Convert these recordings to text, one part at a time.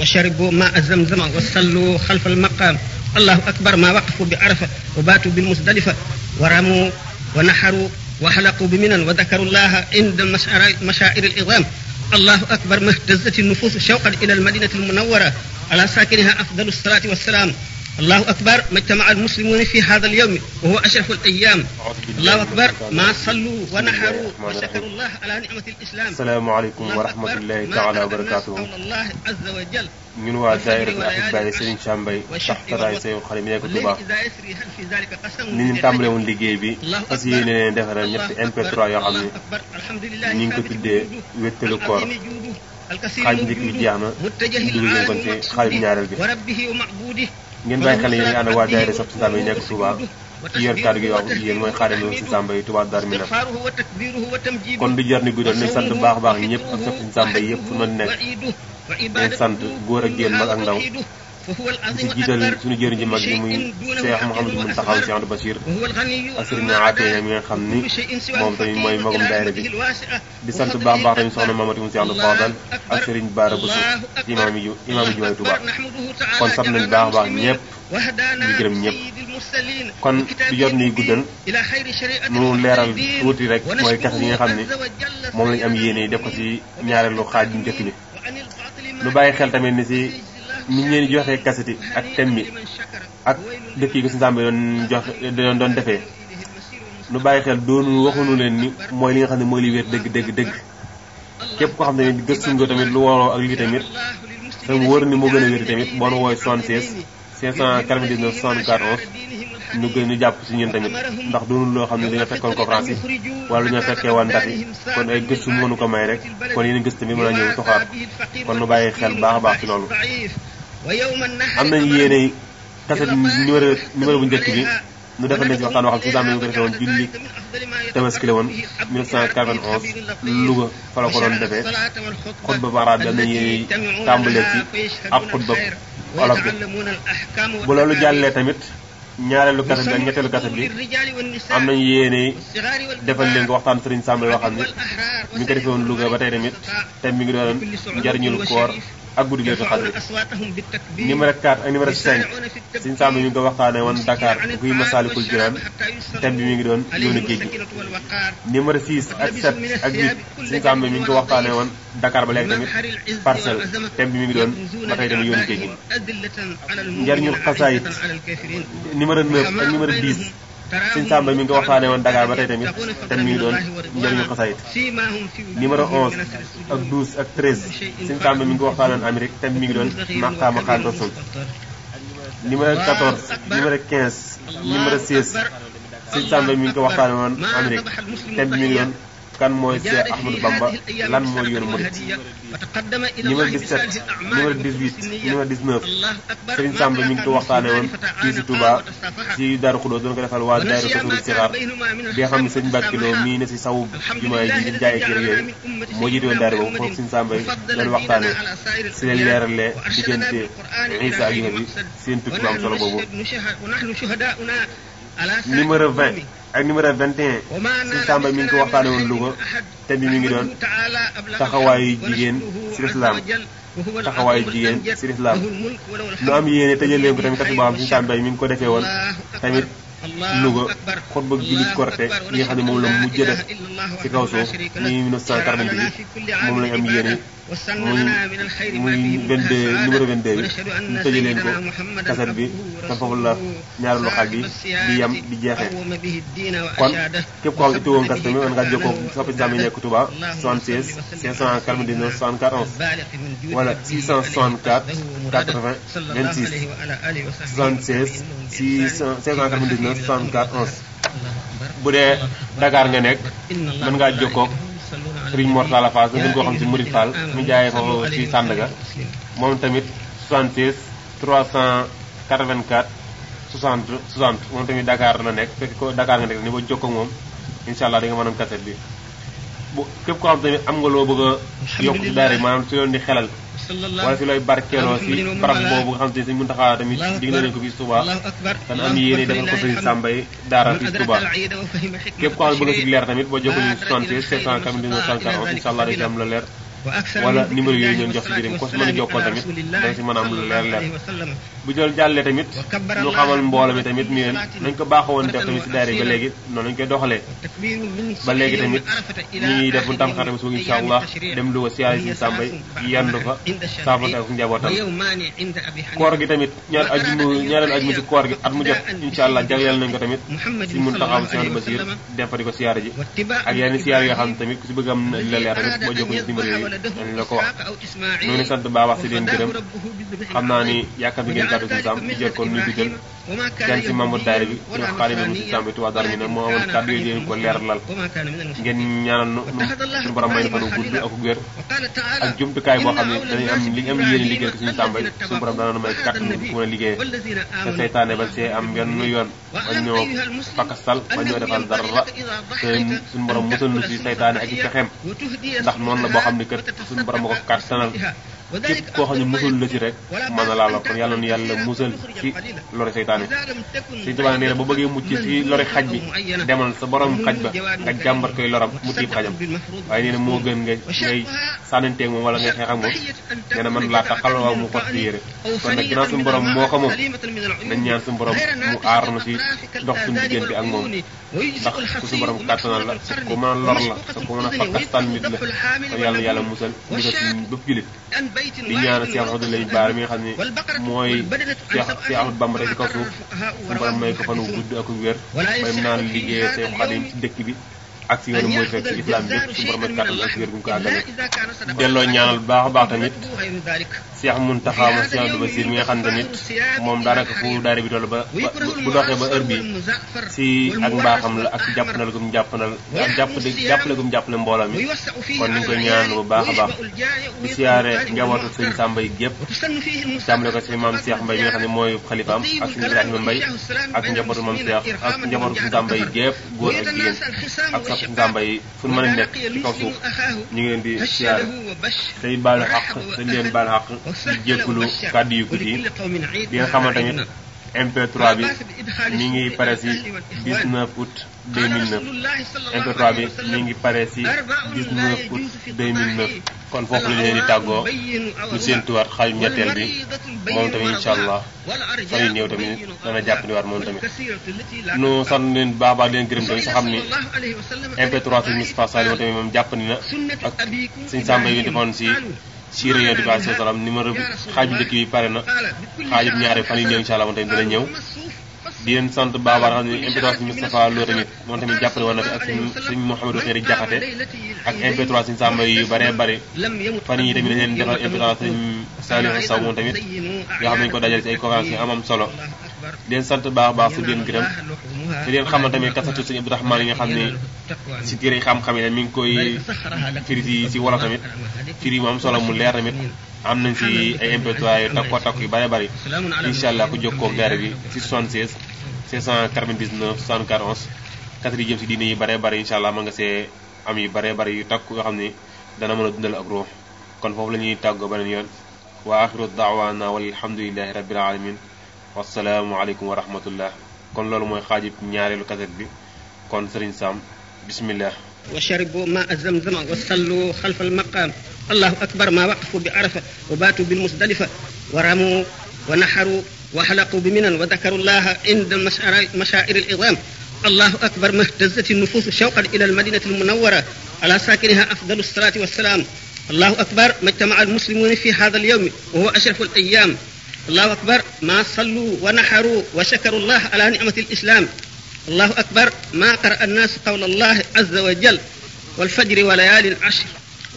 wa sharibu ma azamzama wa sallu xalfa almaqam allahu akbar ma waqafu bi arafa wa baatu bi musdalifa wa ramu wa naxaru wa xalaqu bi minan wa dakaru llaha inda mashaa'ir al-idaam allahu akbar mahtazati nufuus shawqan ila almadinati almunawwara ala saakiniha afdalu salaati wassalaam allahu akbar majtama al muslimuna fi hada al yawmi wa huwa ashrafu al ayyam allahu akbar ma sallu wa naharu wa shakaru allah ala ni'mati al islam assalamu alaykum wa rahmatullahi ta'ala wa barakatuh ñun waa daayira al ahibbaay Serigne Sam Mbaye taxtaraay sayu xalim nekk Touba ni ñu tàmbale woon liggéey bi fas yéene leen defaral ñetti MP3 yoo xam ne ñu ngi ko tuddee wéttalu koor xaaj njëkk bi jeex na dugal ngeen kon ci xaaj ñaareel bi ngeen bàyyi xel yéen a ànd waa daayira Soppi Samba yi nekk Touba ci yor kàddu gi wax yéen mooy xaaral ñu si Samba yi Touba Darou Minam kon du jar ni guddal ñu sant baax a baax ñëpp ak Soppi Samba yëpp fu ma nekk ñu sant góor ak jigéen mag ak ndaw. di jiital suñu jëriñ ji mag yi muy Cheikh Mouhamadou Mountakha Cheikh Abdou Bachir ak Serigne Ateya mi nga xam ni moom tamit mooy magum daayira bi di sant bu baax baax tamit soxna si Cheikh Abdou Fadal ak Serigne Bara Bousso ci imaam yi imaam yi jumaay Tuubaa kon sant nañu baax baax ñëpp di gërëm kon du jot ni guddal nu leeral tuuti rek mooy kese yi nga xam ni moom lañu am yéene def ko ci ñaareelu xaaj bu njëkk bi lu bàyyi xel tamit ni ci ni ñu leen di joxee kaset yi ak thème bi ak dëkk yi ko suñu sàmba doon doon doon defee nu bàyyi xel doonu waxuñu leen ni mooy li nga xam ne mooy li wér dëgg dëgg dëgg képp ko xam ne gës gëstu nga tamit lu waroo ak lii tamit te mu wër ni moo gën a wér tamit boo nu wooy 76 599 74 11 ñu gën ñu jàpp si ñun tamit ndax doonul loo xam ne dañoo fekkoon conférence yi wala dañoo fekkee woon ndax yi kon ay gëstu mënu ko may rek kon yeneen gëstu tamit mën a ñëw toxaat kon nu bàyyi xel baax baax ci loolu am nañ yéene kaset numéro numéro bu njëkk bi ñu defal leen ci waxtaan waxam si daanaka ñu ko defee woon julli tabaski la fa ko doon defee xutba bu arab bi am nañ yéene tàmbalee ci ab xutba olof bi bu loolu jàllee tamit. ñaareelu kaset bi ak ñetteelu kaset bi am nañu yéene defal leen ko waxtaan Serigne Samb yoo xam ne mi ngi ko defee woon Louga ba tey tamit te mi ngi doon njariñul koor ak guddi geetu xadri numéro 4 ak numéro 5 suñu sàmm ñu ngi ko waxtaanee woon Dakar guy Masaalikul Jinaan thème bi mi ngi doon yoonu géej gi numéro 6 ak set ak 8 suñu sàmm mi ngi ko waxtaanee woon Dakar ba léegi tamit parcelle thème bi mi ngi doon ba tey tamit yoonu géej gi njariñul xasaayit numéro 9 ak numéro 10 sëñ Samba mi ngi waxtaane woon Dakar ba tey tamit tam mi ngi doon njëriñu xasaayit numéro 11 ak 12 ak 13 sëñ Samba mi ngi waxtaane woon Amérique tam mi ngi doon maqaama xaan rasul numéro 14 numéro 15 numéro 16 sëñ Samba mi ngi ko waxtaane woon Amérique tam mi kan mooy Cheikh Ahmadou Bamba lan mooy yoonu murid numéro 17 numéro 18 numéro 19 Serigne Samba ngi ko waxtaanee woon fii si Touba si Daaru Xudóos doon ko defal waa daayira Tasawudu Sixaar bi nga xam ne sëñ Mbàkke Lo mii ne si sawu jumaa ji di jaay kër yooyu moo jiite woon daayira boobu foofu Serigne Samba yi doon waxtaanee si leen leeralee diggante Isa ak Yonent bi seen tukki solo boobu ak numéro 21 suñu Samba mi ngi ko waxtaane woon Louga te bi mi ngi doon taxawaayu jigéen si lislaam taxawaayu jigéen si lislaam lu am yéene tëjal bu ko tamit kasi boo xam suñu Samba mi ngi ko defee woon tamit Louga xutba jullit korte yi nga xam ne moom la mujj def si kaw suuf muy 1998 moom lañu am yéene muy 22 numéro 22 bi ñu tëjee leen ko kaset bi te foofu la ñaareelu xaaj bi di yem di jeexee kon képp koo xam itti woon kaset bi mën ngaa jokkoo soppi islam yi nekk Touba 76 549 64 11 wala 664 80 26 76 649 64 11 bu dee Dakar nga nekk mën ngaa jokkoo. Serigne Mor Talla Fall gën koo xam si Mouride Fall mu jaayee ko ci Sandaga moom tamit 76 384 60 60 moom tamit Dakar la nekk fekk ko Dakar nga nekk ni ba jokkoo ak moom incha allah di mën a kaset bi bu képp koo xam tamit am nga loo bëgg a yokk si daara maanaam si loon di xelal wala si looy barkeeloo si barab boobu nga xam te ne Sëriñ Muntaxa tamit digle nañu ko fii Touba dana am yéene defal ko Sëriñ Samba daara fii Touba képp ko xam ne nga si leer tamit boo jokkoo ñu 76 799 44 incha allah day am la leer wala numéro yooyu ngeen jox si jëriñ ko si mën a jokkoo tamit danga si mën a am lu leer leer bu jël jàllee tamit ñu xamal mbooloo mi tamit ni leen nañ ko baaxoon def tamit si daara ba léegi noonu lañ koy doxalee ba léegi tamit ñu ngi def bu tam xatam suuf insha allah dem lu ko siyaare si sàmbay yandu fa saafante ak koor gi tamit ñaar ajuma ñaareel ajuma si koor mu jot insha allah jagleel nañ ko tamit si mun taxaw seen basir dem fa di ko siyaare ji ak yeneen siyaare yoo xam ne tamit ku si bëgg am la leer tamit moo jokkoo si yooyu dañ la ko wax ñu ngi sant bu baax wax si leen gërëm xam naa ni yaakaar bi ngeen gàddu si jël ko nu ñu digal kenn ci membre daayira bi ñu wax xaalis bi ci tàmbi Touba Darmina moo amoon kàddu yooyu dinañ ko leeralal ngeen ñaanal nu borom may na fa gudd ak wér ak jumtukaay boo xam ne dañuy am li ñu am liggéey ko suñu tàmbay suñu borom dana nu may kàttan ku mën a liggéey te seytaane ba see am yenn yoon bañ ñoo fakasal bañ ñoo defal dara te suñu borom musal nu ci seytaane ak i fexeem ndax noonu la boo xam ne kër suñu borom a ko kàttanal képp koo xam ne musul la ci rek mën na laa lor kon yàlla nu yàlla musal ci lore seytaane Sëriñ Tuubaa nee na ba bëggee mucc ci lore xaj bi demal sa borom xaj ba nga jàmbat koy loram mu tiib xajam waaye nee na moo gën nga man laa taxal waaw mu xot ci moo ko moom nañ ñaan suñu mu aar na ci dox suñu diggante ak moom ndax ku suñu borom kàttanal la a lor la su ko mën a fakkastan nit la kon yàlla musal musal suñu bépp di ñaanal Cheikh Abdoul Ahad Bara mi nga xam ne mooy Cheikh Cheikh Ahmadou Bamba tey ci kaw suuf suñu borom may ko fan wu gudd ak wér may naan liggéey Seex Xaadim ci dëkk bi ak si yoonu mooy fekk ci islam bi yëpp suñu borom kàttan ak wér gu mu ko àggale delloo ñaanal baax a baax tamit Cheikh Mountakha ma Cheikh Abdou Bassir mi nga xam tamit moom daanaka fu daare bi toll ba bu doxee ba heure bi si ak mbaaxam la ak jàppandal gum jàppandal ak jàppale jàppale gum jàppale mbooloo mi kon ni nga koy bu baax a baax di siyaare njabootu sëñ gépp jàmbale ko si maam Cheikh Mbaye mi nga ne mooy xalifaam ak suñu Ibrahima Mbaye ak njabootu maam Cheikh ak njabootu sëñ Samba yi gépp góor ak jigéen ak Cheikh Nga Mbaye fu mën a nekk ci kaw suuf ñu ngi leen di siyaare tey baal xaq te leen baal xaq di jégalu kàddu yu guddi di nga xamal tamit MP3 bi mi ngi pare si 19 août 2009 mp bi mi ngi pare si 19 août 2009 kon foofu la ñu leen di tàggoo ñu séentuwaat xaaju ñetteel bi moom tamit incha allah fan yu ñëw tamit dana jàpp ni waat moom tamit. nu sant leen baax baax leen gërëm tamit sa xam ni MP3 si Moustapha Saliou tamit moom jàpp ni na ak suñu sàmba yi defoon si. si Riyadou bi alayhi salaam numéro bi xaaju njëkk bi pare na xaaju ñaari fan yi ñëw incha allah moom tamit dina ñëw di leen sant baabar xam ne MP3 suñu na fi ak suñu suñu Mouhamadou Xeeri Jaxate ak MP3 suñu sàmba yi tamit dañ leen defal mp moom tamit nga xam nañu ko dajale si ay conférence yu am am solo di leen sant baax baax si leen gërëm di leen xamal tamit kasatu sëñ Abdou Rahman yi nga xam ne si téere xam-xam yi mi ngi koy firi si si wala tamit firi mu am solo mu leer tamit am nañ si ay MP3 yu takku takku yu bari bari incha allah ku jokkoo gaare bi si 76 699 74 11 kasatu yi jëm si diine yi bari bari incha allah mën nga see am yu bari bari yu takk yoo xam ne dana mën a dundal ak ruux kon foofu la ñuy tàggoo beneen yoon wa axiru daawaana walhamdulilahi rabbil alamin wassalaamu aleykum wa rahmatullah kon loolu mooy xaajib ñaareelu kaset bi kon sëriñ Sam bismillah wa sharibu ma zamzama wa sallu xalfa almaqam allahu akbar ma waqafu bi arafa wa baatu bi musdalifa wa ramu wa naxaru wa xalaqu bi minan wa dakaru llaha inda mashaa'ir al-idam allahu akbar mahtazat an-nufus shawqan ila al-madinati al-munawwara ala saakiniha afdalu as-salati was-salam allahu akbar majtama'a al-muslimuna fi hadha al-yawm wa huwa ashrafu al-ayyam allahu akbar ma sallu wa naxaru wa shakaru llah ala nicmati lislaam allahu akbar ma qara annaasu qawla allah azza wa jal walfajri wa layaalin ashr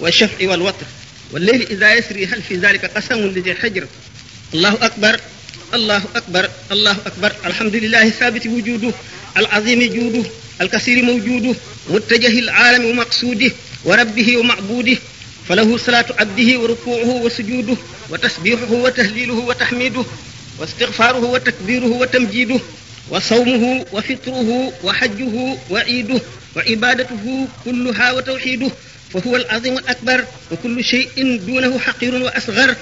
walshafci walwatr walleyli ida yasri hal fi dalika qasamun li di xijr allahu akbar allahu akbar allahu akbar alhamdulilahi saabiti wujudu alazimi juudu alkasiri mawjudu muttajahi alaalami wa maqsuudi wa rabbihi wa macbuudi falahu salaatu abdihi wa rukuuhu wa sujuuduhu wa tasbiixuhu wa tahliiluhu wa taxmiiduhu wa istigfaaruhu wa takbiiruhu wa tamjiiduhu wa sawmuhu wa fitruhu wa xajjuhu wa iiduhu wa ibaadatuhu kulluha wa tawxiiduhu fa huwa al-aziimu al-akbar wa kullu shay'in duunahu xaqiirun wa asgar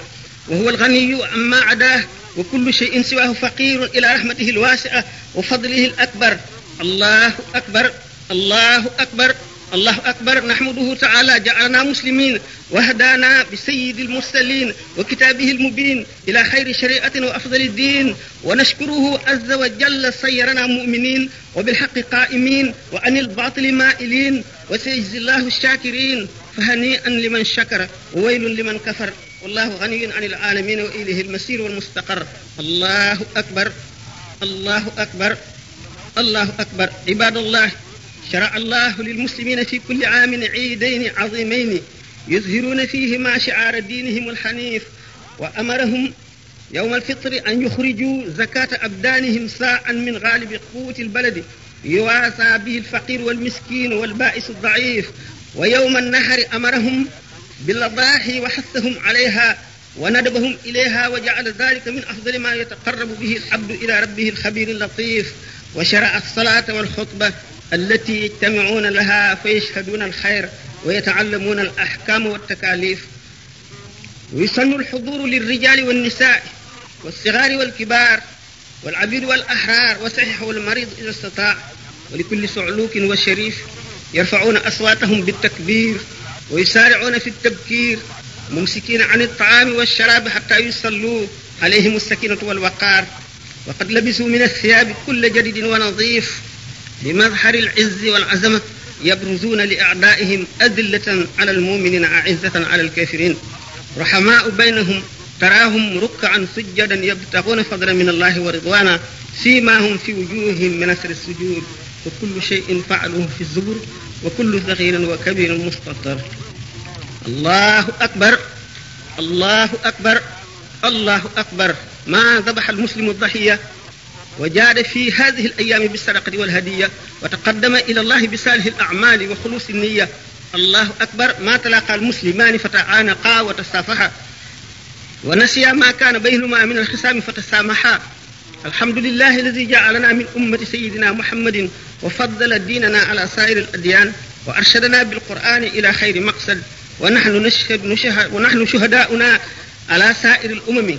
wa huwa al-ganiyyu ammaa adaahu wa kullu shay'in siwaahu faqiirun ilaa rahmatihi al-waasi'a wa fadlihi al-akbar allahu akbar allahu akbar الله أكبر نحمده تعالى جعلنا مسلمين وهدانا بسيد المرسلين وكتابه المبين إلى خير شريعة وأفضل الدين ونشكره عز وجل سيرنا مؤمنين وبالحق قائمين وعن الباطل مائلين وسيجزي الله الشاكرين فهنيئا لمن شكر وويل لمن كفر والله غني عن العالمين وإليه المسير والمستقر الله أكبر الله أكبر الله أكبر عباد الله شرع الله للمسلمين في كل عام عيدين عظيمين يظهرون فيهما شعار دينهم الحنيف وأمرهم يوم الفطر أن يخرجوا زكاة أبدانهم ساء من غالب قوة البلد يواسى به الفقير والمسكين والبائس الضعيف ويوم النحر أمرهم بالأضاحي وحثهم عليها وندبهم إليها وجعل ذلك من أفضل ما يتقرب به العبد إلى ربه الخبير اللطيف وشرع الصلاة والخطبة التي يجتمعون لها فيشهدون الخير ويتعلمون الأحكام والتكاليف ويسن الحضور للرجال والنساء والصغار والكبار والعبيد والأحرار وصحيح والمريض إذا استطاع ولكل صعلوك وشريف يرفعون أصواتهم بالتكبير ويسارعون في التبكير ممسكين عن الطعام والشراب حتى يصلوا عليهم السكينة والوقار وقد لبسوا من الثياب كل جديد ونظيف بمظهر العز والعزمة يبرزون لأعدائهم أذلة على المؤمنين أعزة على الكافرين رحماء بينهم تراهم ركعا سجدا يبتغون فضلا من الله ورضوانا فيما هم في وجوههم من أثر السجود وكل شيء فعلوه في الزبر وكل صغير وكبير مستطر الله أكبر الله أكبر الله أكبر ما ذبح المسلم الضحية وجاد في هذه الأيام بالصدقة والهدية وتقدم إلى الله بصالح الأعمال وخلوص النية الله أكبر ما تلاقى المسلمان فتعانقا وتصافحا ونسيا ما كان بينهما من الخصام فتسامحا الحمد لله الذي جعلنا من أمة سيدنا محمد وفضل ديننا على سائر الأديان وأرشدنا بالقرآن إلى خير مقصد ونحن نشهد, نشهد ونحن شهداؤنا على سائر الأمم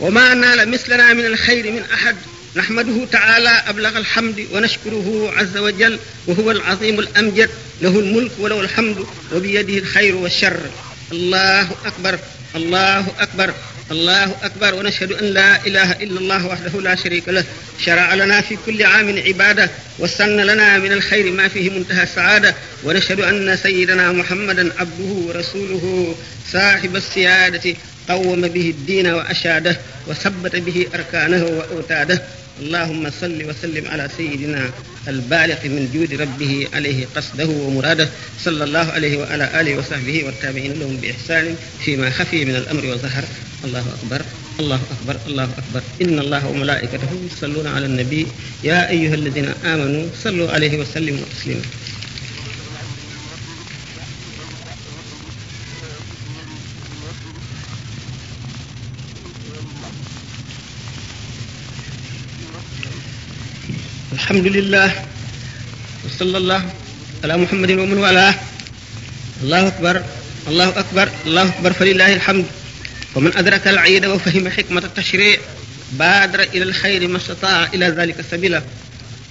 wa ma naala mislana min alxayri min ahad naxmaduhu taala ablaga alhamdi wa nashkuruhu azza wa jal wa huwa alazimu alamjad lahu almulk wa lahu alhamdu wa biyadihi alxayru wa alshar allahu akbar allahu akbar الله أكبر ونشهد أن لا إله إلا الله وحده لا شريك له شرع لنا في كل عام عبادة وسن لنا من الخير ما فيه منتهى السعادة ونشهد أن سيدنا محمدا عبده ورسوله صاحب السيادة قوم به الدين وأشاده وثبت به أركانه وأوتاده اللهم صل وسلم على سيدنا البالغ من جود ربه عليه قصده ومراده صلى الله عليه وعلى آله وصحبه والتابعين لهم بإحسان فيما خفي من الأمر وظهر allahu akbar allahu akbar allahu akbar inna allaha wa malaikatahu yusalluna ala nabi ya ayuha alladina amanu sallu alayhi wa sallimu taslima alhamdulillah wa sallallahu ala muhammadin wa man wala allahu akbar allahu akbar allahu akbar falillahi alhamdu wa man adraka al iida wa fahima xikmata tashri baadara ila al xayri mastataa ila dalika sabila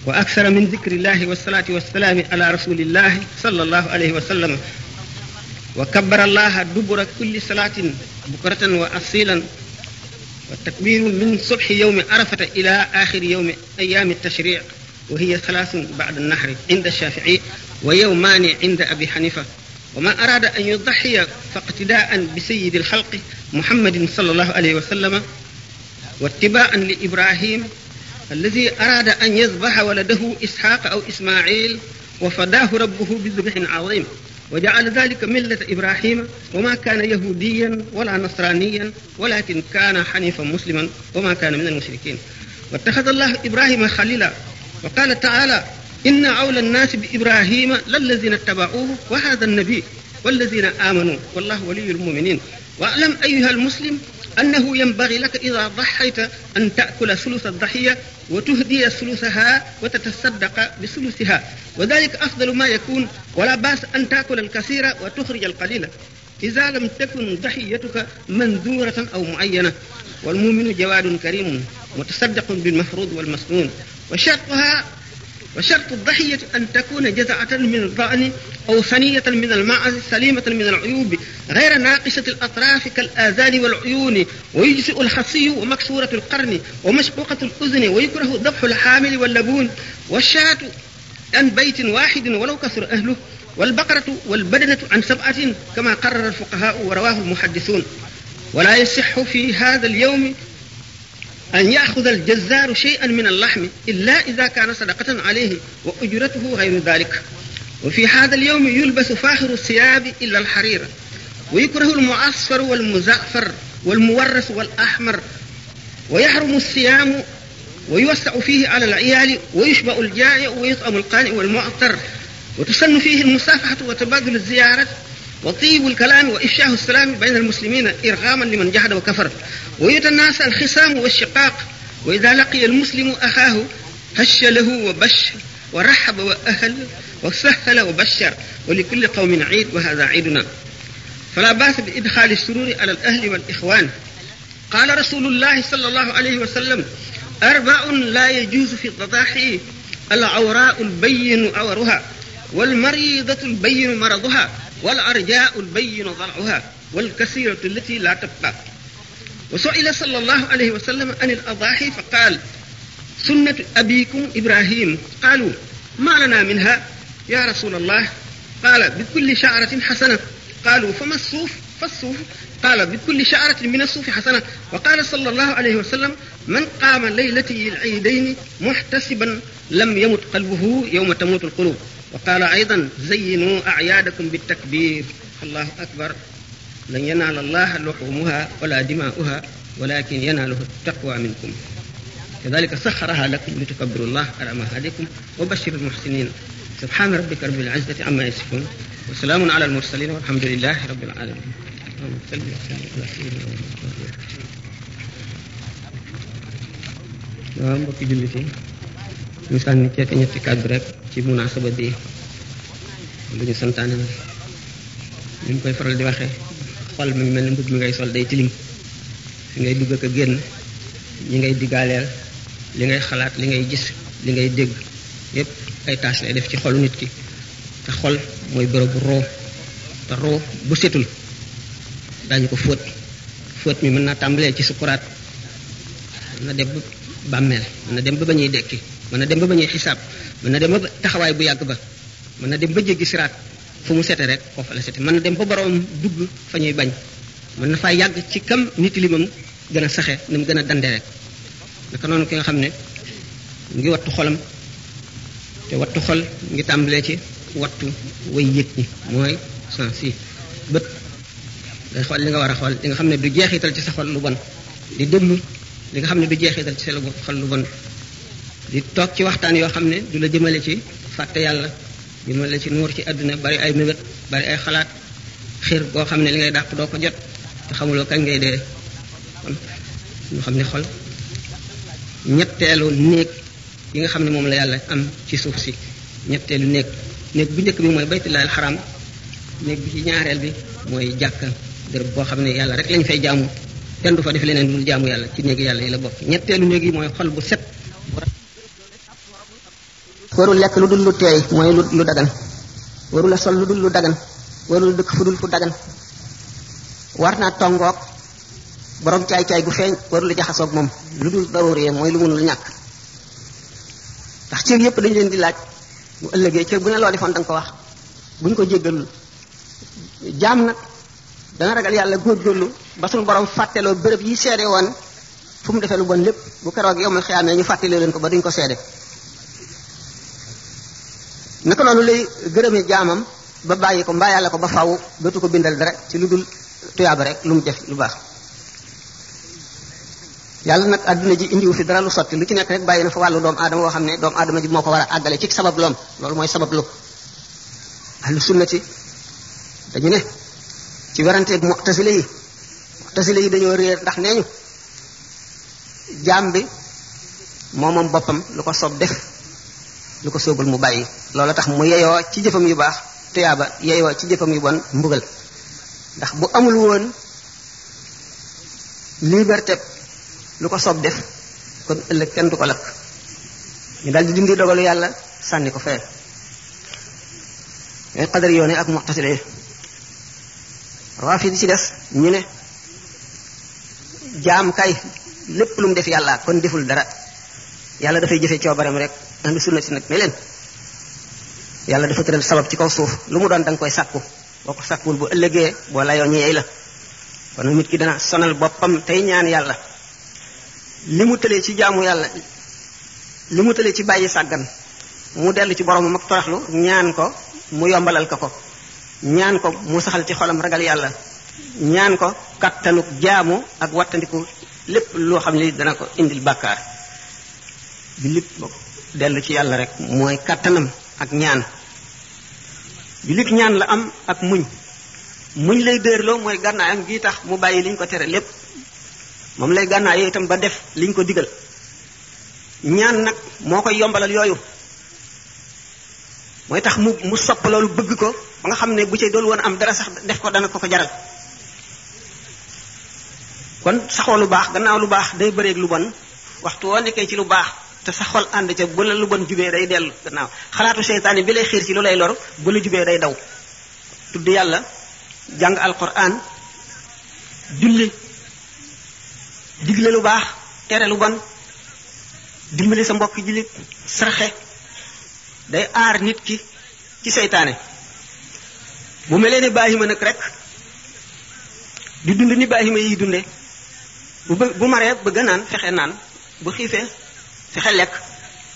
wa aksara min dikrillahi wasalaati wasalaami ala rasulillahi sallallahu alayhi wa sallam wa kabbara allaha dubura kulli salaatin bukratan wa asilan wa takbiru min subxi yowmi arafata ila axiri yowmi ayaami tashric wa hiya salaasun bacda annahri inda shafii wa yowmaani inda abi xanifa wa man araada an yudaxiya faqtidaan bi sayidi alxalqi muhammadin sal allahu alayhi wa sallama wa tibaan li ibrahim alladi araada an yadbaxa waladahu isxaaqa aw ismail wa fadaahu rabbuhu bidubxin azim wa jaala dalika millata ibrahima wa ma kaana yahudiyan wala nasraniyan walakin kaana xanifan musliman wa ma kaana min almushrikin wa attaxada allahu ibrahima xalila wa qaala taala inna awla annaasi bi ibrahima lallazina tabacuuhu wa hada annabi wallazina aamanu wallahu waliyu lmuminin wa alam ayuha almuslim annahu yanbaghi laka ida daxayta an taakula sulusa daxiya wa tuhdiya sulusaha wa tatasaddaqa bi sulusiha wa dalika afdalu ma yakun wala baas an taakula alkasira wa tuxrija alqalila ida lam takun daxiyatuka manduratan aw muayana walmuminu jawaadun karimun mutasaddaqun bilmafrud walmasnun wa shartuha wa shartu dahiyati an takuna jazaatan min aldani aw saniyatan min almaasi salimatan min alayubi gayra naaqishati alatrafi kal azani walayuni wa yujziu alxasiyu wa maksuratu alqarni wa mashquqatu aluzni wa yukrahu dabxu alxaamili wallabun washaatu an baytin waxidin walaw kasura ahluh walbaqaratu walbadanatu an sabatin kama qarara alfuqahaau wa rawahu almuhaddisuun wala yasixu fi hada alyawmi أن يأخذ الجزار شيئا من اللحم إلا إذا كان صدقة عليه وأجرته غير ذلك وفي هذا اليوم يلبس فاخر الثياب إلا الحرير ويكره المعصفر والمزعفر والمورس والأحمر ويحرم الصيام ويوسع فيه على العيال ويشبع الجائع ويطعم القانئ والمعطر وتسن فيه المسافحة وتبادل الزيارات وطيب الكلام وإفشاء السلام بين المسلمين إرغاما لمن جحد وكفر ويتناسى الخصام والشقاق وإذا لقي المسلم أخاه هش له وبش ورحب وأهل وسهل وبشر ولكل قوم عيد وهذا عيدنا فلا بأس بإدخال السرور على الأهل والإخوان قال رسول الله صلى الله عليه وسلم أربع لا يجوز في التضاحي العوراء البين عورها والمريضة البين مرضها والأرجاء البين ضرعها والكثيرة التي لا تبقى وسئل صلى الله عليه وسلم عن الأضاحي فقال سنة أبيكم إبراهيم قالوا ما لنا منها يا رسول الله قال بكل شعرة حسنة قالوا فما الصوف فالصوف قال بكل شعرة من الصوف حسنة وقال صلى الله عليه وسلم من قام ليلة العيدين محتسبا لم يمت قلبه يوم تموت القلوب وقال أيضا زينوا أعيادكم بالتكبير الله أكبر لن ينال الله لحومها ولا دماؤها ولكن يناله التقوى منكم كذلك سخرها لكم لتكبروا الله على ما هديكم وبشر المحسنين سبحان ربك رب العزة عما يصفون وسلام على المرسلين والحمد لله رب العالمين waaw mbokki jullit yi ñu sànni ceeti ñetti kàddu rek ci naa bi lu ñu santaane na ni mu koy faral di waxee xol mu ngi mel ni mbubb mi ngay sol day tilim fi ngay dugg ak a génn ñi ngay diggaaleel li ngay xalaat li ngay gis li ngay dégg yépp ay tâche lay def ci xolu nit ki te xol mooy bërëbu roo te roo bu setul daañu ko fóot fóot mi mën naa tàmbalee ci sukuraat mën na dem ba bàmmeel mën na dem ba ba dekki mën na dem ba bañee xisaab mën na dem ba taxawaay bu yàgg ba mën na dem ba jéggi siraat fu mu sete rek foofu la sete mën na dem ba boroom dugg fa ñuy bañ mën na faa yàgg ci kam nit limam gën a saxe ni mu gën a dande rek naka noonu ki nga xam ne mu ngi wattu xolam te wattu xol ngi tàmbalee ci wattu way yëg ñi mooy sens si bët day xool li nga war a xool li nga xam ne du jeexital ci sa xol lu bon di dëmm li nga xam ne du jeexital ci sa xol lu bon li toog ci waxtaan yoo xam ne du la jëmale ci fàtte yàlla jëmale ci noor ci àdduna bari ay mébét bari ay xalaat xir boo xam ne li ngay dàq doo ko jot te xamuloo kañ ngay dee kon xam ne xol ñetteelu néeg nga xam ne moom la yàlla am ci suuf si ñetteelu néeg néeg bu njëkk bi mooy baytullahi alxaram néeg bi ci ñaareel bi mooy jàkka dërëb boo xam ne yàlla rek lañ fay jaamu kenn du fa def leneen dul jaamu yàlla ci néeg yàlla yi la bokk ñetteelu néeg yi mooy xol bu set warul lekk lu dul lu teey mooy lu lu dagan warul a sol lu dul lu dagan warul dëkk fu dul fu dagan war naa tongoog borom caay-caay gu feeñ warul jaxasoog moom lu dul daruree mooy lu mun lu ñàkk ndax cër yépp dañu leen di laaj bu ëllëgee cër bu ne loo defoon da nga ko wax buñ ko jéggalul jaam nag dana ragal yàlla góorgóorlu ba suñu borom fàtteloo béréb yi seede woon fu mu defee lu bon lépp bu keroog yow ma xiyaamee ñu fàttale leen ko ba duñ ko seede naka noonu lay gërëme jaamam ba bàyyi ko mbaa yàlla ko ba faw dootu ko bindal dara ci lu dul tuyaaba rek lu mu def lu baax yàlla nag àdduna ji indiwu fi dara lu sotti lu ci nekk rek bàyyi na fa wàllu doomu aadama woo xam ne doomu aadama ji moo ko war a àggale ci sabab loom loolu mooy sabab lu ahlu sunnati dañu ne ci weranteeg mu'tazila yi mu'tazila yi dañoo réer ndax nee ñu jaam bi moo boppam lu ko soob def lu ko soogul mu bàyyi loola tax mu yeyoo ci jëfam yu baax tuyaaba yeyoo ci jëfam yu bon mbugal ndax bu amul woon liberté lu ko soob def kon ëllëg kenn du ko lakk ñu daal di dindi dogalu yàlla sànni ko fee yooyu xadar yoone ak mu'tasila raafidi ci des ñu ne jaam kay lépp lu mu def yàlla kon deful dara yàlla dafay jëfe coobaram rek ahlu sunna si nag ne leen yàlla dafa tëral sabab ci kaw suuf lu mu doon da koy sàkku boo ko sàkkuwul bu ëllëgee boo layoo ñu la kon nit ki dana sonal boppam tey ñaan yàlla li mu tëlee ci jaamu yàlla li mu tëlee ci bàyyi sàggan mu dellu ci boromam ak toraxlu ñaan ko mu yombalal ko ko ñaan ko mu saxal ci xolam ragal yàlla ñaan ko kattanuk jaamu ak wattandiku lépp loo xam ne dana ko indil bàkkaar bi lépp dellu ci yàlla rek mooy kàttanam ak ñaan jullit ñaan la am ak muñ muñ lay dërloo mooy gànnaayam gi tax mu bàyyi liñ ko tere lépp moom lay gànnaayoo itam ba def liñ ko digal ñaan nag moo koy yombalal yooyu mooy tax mu mu sopp loolu bëgg ko ba nga xam ne bu ci doon woon am dara sax def ko dana ko ko jaral kon saxoo lu baax gannaaw lu baax day bëreeg lu bon waxtu woo nekkee ci lu baax te sa xol ànd ca bu la lu bon jubee day dellu gannaaw xalaatu seytaane bi lay xiir ci lu lay lor bu la jubee day daw tudd yàlla jàng alquran julli digle lu baax tere dimbali sa mbokk jullit sarxe day aar nit ki ci seytaane bu melee ni baahima nag rek di dund ni baahima yiy dunde bu maree bëgg naan fexe naan bu xiifee fexe lekk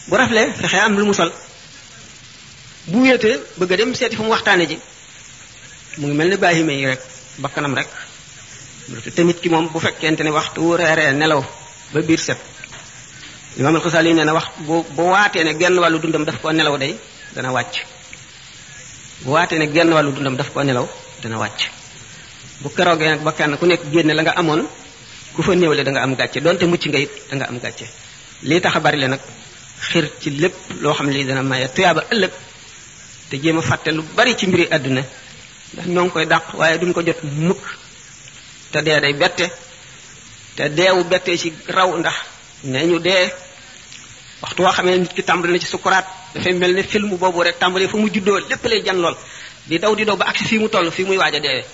bu raflee fexe am lu mu sol bu wéetee bëgg a dem seeti fu mu waxtaane ji mu ngi mel ne bàyyime yi rek bakkanam rek tamit ki moom bu fekkente ne waxtu reeree nelaw ba biir set imaam al-Xasaali nee na wax bu bu waatee ne genn wàllu dundam daf koo nelaw day dana wàcc bu waatee ne genn wàllu dundam daf koo nelaw dana wàcc bu keroogee nag ba kenn ku nekk génne la nga amoon ku fa néewle da nga am gàcce donte mucc nga it da am gàcce lii tax a bari le nag xir ci lépp loo xam ne lii dana maye tuyaaba ëllëg te jéem a fàtte lu bari ci mbiri àdduna ndax ñoo koy dàq waaye duñ ko jot mukk te dee day bette te deewu bette ci raw ndax nee ñu dee waxtu woo xamee nit ki tàmbali na ci sukuraat dafay mel ni film boobu rek tàmbali fa mu juddoo lépp lay jan lool di daw di daw ba agsi fii mu toll fii muy waaj a deewee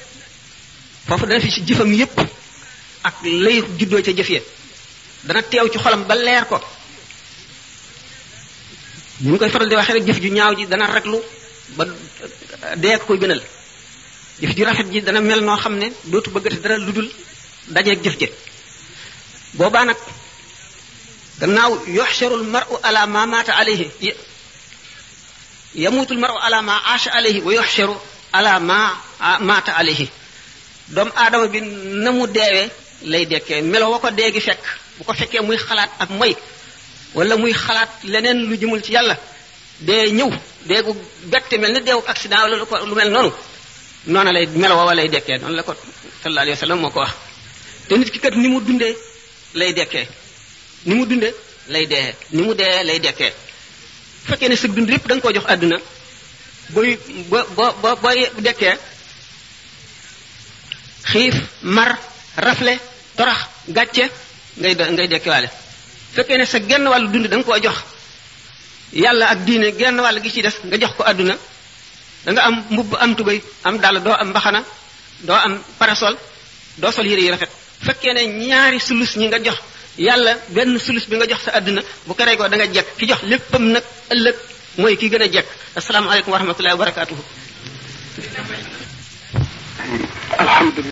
foofu dana fi ci jëfam yépp ak lay juddoo ca jëf ya dana teew ci xolam ba leer ko ñu koy faral di waxee rek jëf ju ñaaw ji dana raglu ba eh, dee ko koy gënal jëf ju rafet ji dana mel noo xam ne dootu bëggati dara ludul dajeeg jëf ji boobaa nag danaaw yuxsharul maru ala ma maata alayhi yamutul maru ala ma doomu aadama bi na mu deewee lay dekkee melo wa ko dee gi fekk bu ko fekkee muy xalaat ak moy wala muy xalaat leneen lu jëmul ci yàlla dee ñëw dee gu bette mel ni deewu accident wala lu ko lu mel noonu noonu lay meloo wala lay dekkee noonu la ko sallallahu alayhi moo ko wax te nit ki kat ni mu dundee lay dekkee ni mu dundee lay dee ni mu dee lay dekkee bu fekkee ne sëg dund lépp da nga koo jox àdduna booy bo bo booy dekkee xiif mar rafle torax gàcce ngay ngay dekkiwaale fekkee ne sa genn wàllu dund danga koo jox yàlla ak diine genn wàll gi ci des nga jox ko àdduna danga am mbubb am tubay am dàll doo am mbaxana doo am parasol doo sol yére yi rafet fekkee ne ñaari sulus ñi nga jox yàlla benn sulus bi nga jox sa àdduna bu keree ko da nga jekk ci jox léppam nag ëllëg mooy ki gën a jekk asalaamaaleykum wa rahmatullahi wa barakaatuhu alhamdulillah